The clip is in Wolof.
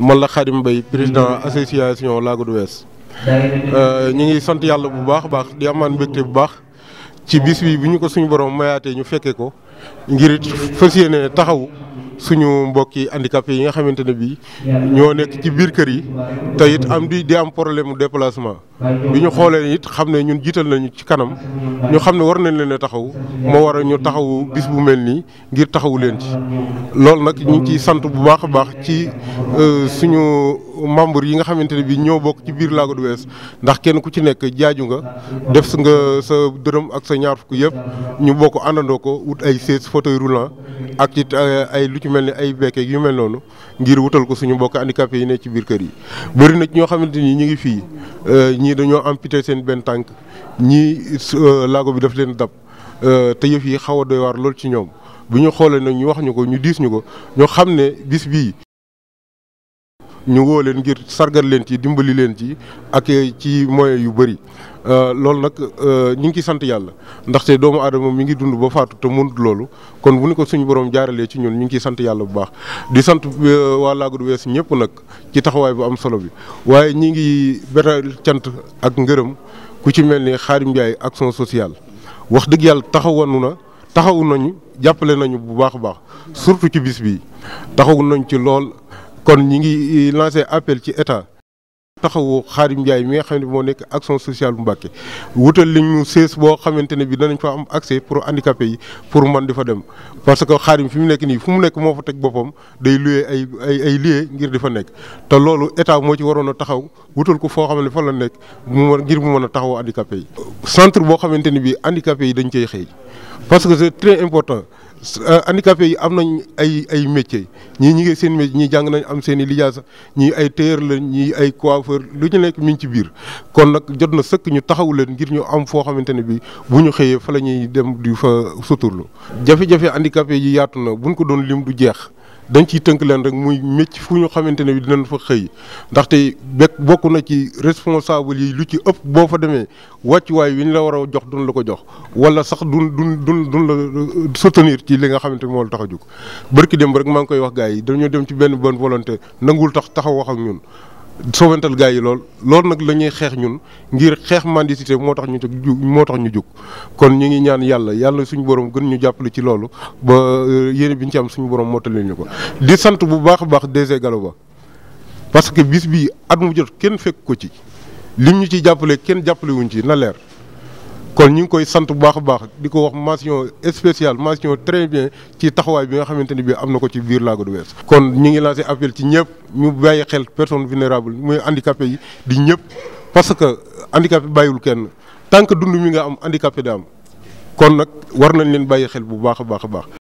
man la Khadim mbay président mm-hmm. association Lagos du West ñu ngi sant yàlla bu baax baax di amaan mbégte bu baax ci bis bi ñu ko suñu borom mayaatee ñu fekkee ko ngir it fas yéene taxaw suñu mbokki handicapé yi nga xamante ne bii ñoo nekk ci biir kër yi te it am di di am problème mu déplacement. bi ñu xoolee it xam ne ñun jiital nañu ci kanam ñu xam ne war nañ leen a taxaw moo war a ñu taxawu bis bu mel nii ngir taxawu leen ci. loolu nag ñu ngi sant bu baax a baax ci euh, suñu membre yi nga xamante ne bii ñoo bokk ci biir Lagos du Bees ndax kenn ku ci nekk jaaju nga def su nga sa dërëm ak sa ñaar fukk yëpp ñu bokk àndandoo ko wut ay chaise fauteuil roulant ak ci euh, ay lu ci mel ni ay bekke yu mel noonu ngir wutal ko suñu bokk handicapé yi ne ci biir kër yi. bëri na ñoo xamante ni ñu ngi fii. Euh, ñii dañoo amputé seen benn tànk ñii euh, laago bi daf leen dab euh, te yëf yi xaw a doy waar lool ci ñoom bu ñu xoolee nag ñu wax ñu ko ñu diis ñu ko ñoo xam ne bis bii ñu woo leen ngir sargal leen ci dimbali leen ci ak ci moye yu bëri. Euh, loolu nag euh, ñu ngi ciy sant yàlla ndaxte doomu aadama mi ngi dund ba faatu te mun loolu kon bu ni ko suñu boroom jaaralee ci ñun ñu ngi ciy sant yàlla bu baax di sant euh, waa Laago du Wees ñëpp nag ci taxawaay bu am solo bi waaye ñi ngi beral cant ak ngërëm ku ci mel ni Xaadim Njaay action sociale wax dëgg yàlla taxawanu na taxawu nañu jàppale nañu bu baax a baax surtout ci bis bi taxawu nañ ci lool kon ñi ngi lancé appel ci état. taxawu Xaadim Njaay mi nga xam ne moo nekk action sociale bu Mbàkke wutal li ñu sées boo xamante ne bi danañ fa am accès pour handicapé yi pour man di fa dem parce que Xaadim fi mu nekk nii fu mu nekk moo fa teg boppam day loué ay ay ay ngir di fa nekk te loolu état moo ci waroon a taxaw wutal ko foo xam ne fa la nekk mu ngir mu mën a taxaw handicapé yi centre boo xamante ne bi handicapé yi dañ cey xëy parce que c'est très important Euh, handicapé yi am nañ ay ay métiers ñii ñi ngi seen métier ñii jàng nañ am seen i lijaasa ñii ay tailleur la ñii ay coiffeur lu ñu nekk mi ci biir kon nag jot na sëkk ñu taxawu leen ngir ñu am foo xamante ne bi bu ñu xëyee fa la ñuy dem di fa suturlu jafe-jafe handicapé yi yaatu na buñ ko doon lim du jeex dañ ciy tënk leen rek muy mécc fu ñu xamante ne bi dinañ fa xëy ndaxte bekk bokk na ci responsable yi lu ci ëpp boo fa demee wàccuwaay wi ñu la war a jox duñ la ko jox wala sax dun duñ duñ duñ la euh, soutenir ci li nga xamante moo la tax a jóg barki dem rek maa ngi koy wax gars yi dañoo dem ci benn bonne volonté nanguwul tax taxaw wax ak ñun soowantal gars yi lool loolu nag la ñuy xeex ñun ngir xeex mendicité moo tax ñu moo tax ñu jóg kon ñu ngi ñaan yàlla yàlla suñu borom gën ñu jàppale ci loolu ba euh, yéene bi ñu ci am suñu borom moo taleen ñu ko di sant bu baax a baax DG galo Ba parce que bis bi at mu jot kenn fekk ko ci lim ñu ci jàppale kenn jàppale wuñ ci na leer kon ñu ngi koy sant bu baax a baax di ko wax mention spéciale mention très bien ci taxawaay bi nga xamante ni bii am na ko ci biir Lagos du Ouest. kon ñu ngi lancé appel ci ñëpp ñu bàyyi xel personne vulnérable mooy handicapé yi di ñëpp parce que handicapé bàyyiwul kenn tant que dund mi nga am handicapé da am kon nag war nañ leen bàyyi xel bu baax a baax a baax.